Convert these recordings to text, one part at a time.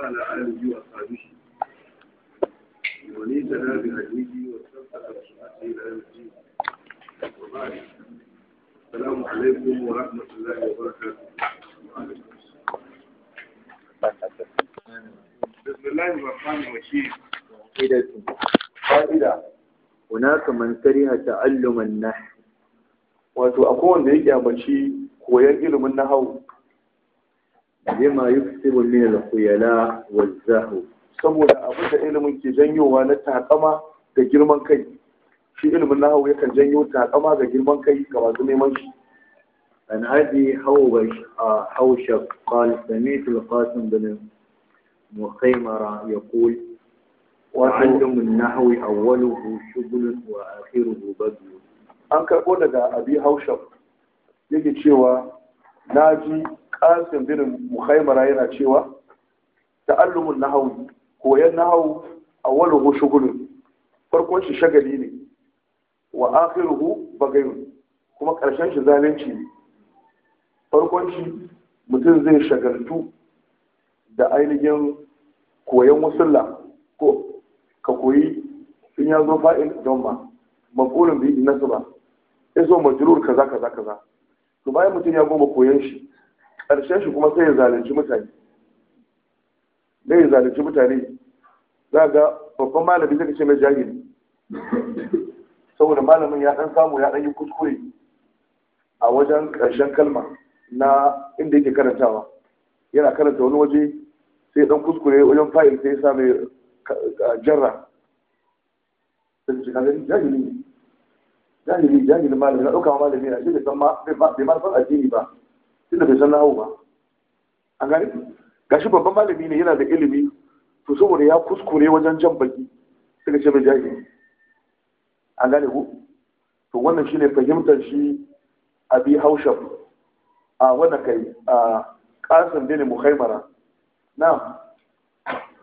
وعلى آله وأصحابه ومن اهتدى بهديه السلام عليكم ورحمة الله وبركاته بسم الله الرحمن الرحيم قاعدة قاعدة هناك من كره تعلم النحو wato a kowanne yake abaci koyon ilimin nahau bima yuktibu min al-khuyala wal-zahu saboda abin da ilimin ke janyowa na takama da girman kai shi ilimin nahawu yakan janyo takama da girman kai ga masu neman shi an abi haushab qala sami'tu al-qasim bin مخيمرة يقول وعلم النحو أوله شغل وآخره بذل an karɓo daga abi haushab yake cewa na ji qasim bin muhaimara yana cewa ta'allumun nahwu koyan wani awwaluhu shughulun farkon shi shagali ne wa akhiruhu bagayun kuma karshen shi zalunci ne farkon shi mutum zai shagaltu da ainihin koyan musulla ko ka koyi in ya zo fa'il don ma maƙulun bi nasu ba iso majrur kaza kaza kaza to bayan mutum ya goma koyan shi ƙarshen shi kuma sai ya zalunci mutane da ya zalunci mutane za ga babban malami zai ce mai jahili saboda malamin ya ɗan samu ya ɗan yi kuskure a wajen ƙarshen kalma na inda yake karantawa yana karanta wani waje sai ɗan kuskure wajen fa'il sai ya sa mai jarra jahili jahili jahili malami na ɗauka malami na shi da san ma bai ma san addini ba tunda bai san nawo ba an gane gashi babban malami ne yana da ilimi to saboda ya kuskure wajen jan baki suka ce bai jahi an gane ku to wannan shine fahimtar shi abi haushab a wannan kai a qasim bin muhaimara na'am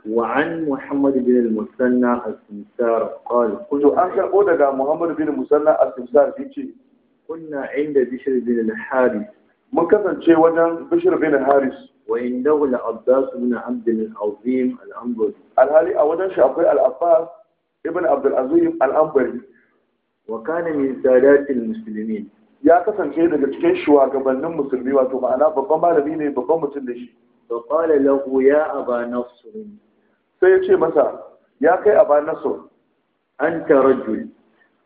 وعن محمد بن المثنى السمسار قال كنت أنكر أودك محمد بن المثنى السمسار يجي كنا عند بشر بن الحارث mun kasance wajen bishir bin haris wa indahu al-abbas ibn abd al-azim al-anbari alhali a wajen shi akwai al-abbas ibn abd al-azim al-anbari wa kana min sadat al-muslimin ya kasance daga cikin shugabannin musulmi wato ma'ana babban malami ne babban mutum da shi fa qala lahu ya aba nasr sai ya ce masa ya kai aba nasr anta rajul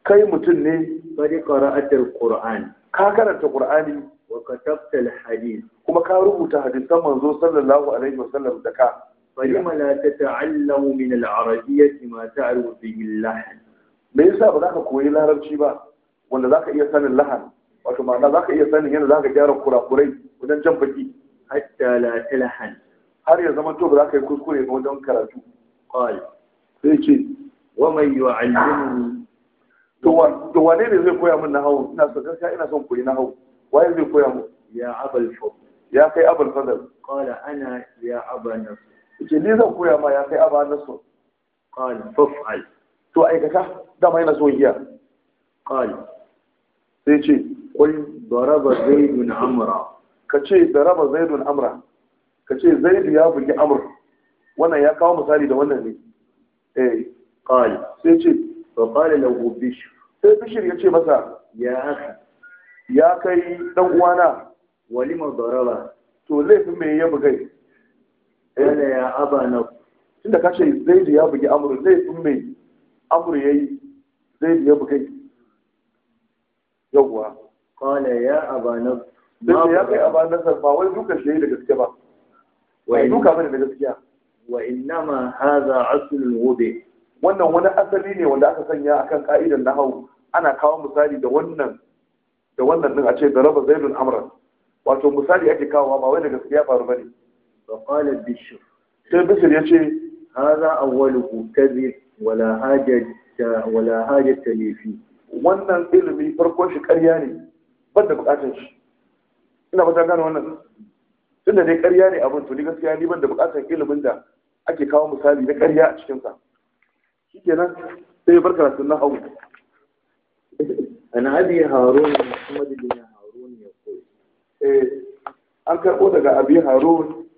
kai mutum ne qad qara'atil qur'an ka karanta qur'ani wa katabta alhadith kuma ka rubuta hadisan manzo sallallahu alaihi wasallam da ka falima la tata'allamu min al-arabiyyati ma ta'rifu bihi al-lahn me yasa ba za ka koyi larabci ba wanda za ka iya sanin lahan wato ma'ana za ka iya sanin yadda za ka gyara kurakurai wajen jan baki hatta la talahan har ya zama to ba za ka yi kuskure ba wajen karatu qal sai ce wa man yu'allimu to wane ne zai koya min nahawu ina so gaskiya ina son koyi nahawu waye zai koya mu ya abal fadl ya kai abal fadl qala ana ya aba nasr ce ni zan koya ma ya kai aba nasr qala fa'al to aikata dama yana so giya qala sai ce qul daraba zaidun amra ka ce daraba zaidun amra ka ce zaidu ya bugi amr wannan ya kawo misali da wannan ne eh qala sai ce fa qala lahu bishr sai bishir ya ce masa ya akhi ya kai dan uwana walima daraba to laifin me ya bugai yana ya abana tunda ka zaidu ya bugi amru laifin me amru yayi zaidu ya bugai yawwa qala ya abana dan ya kai abana ba wai duka shi da gaske ba wai duka bane da gaskiya wa innama hadha asl wudu wannan wani asali ne wanda aka sanya akan ka'idar nahawu ana kawo misali da wannan da wannan din a ce da raba zaidun amran wato misali ake kawowa ba wai da gaskiya faru bane fa qala bishr sai bishr yace hadha awwaluhu kadhib wala hajata wala hajata li fi wannan ilimi farkon shi ƙarya ne ban da bukatar shi ina ba ta gane wannan tunda dai ƙarya ne abin to ni gaskiya ni ban da bukatar ilimin da ake kawo misali na ƙarya a cikin sa shikenan sai ya bar karatun na hawu an abi harun muhammad bin harun ya eh an karbo daga abi harun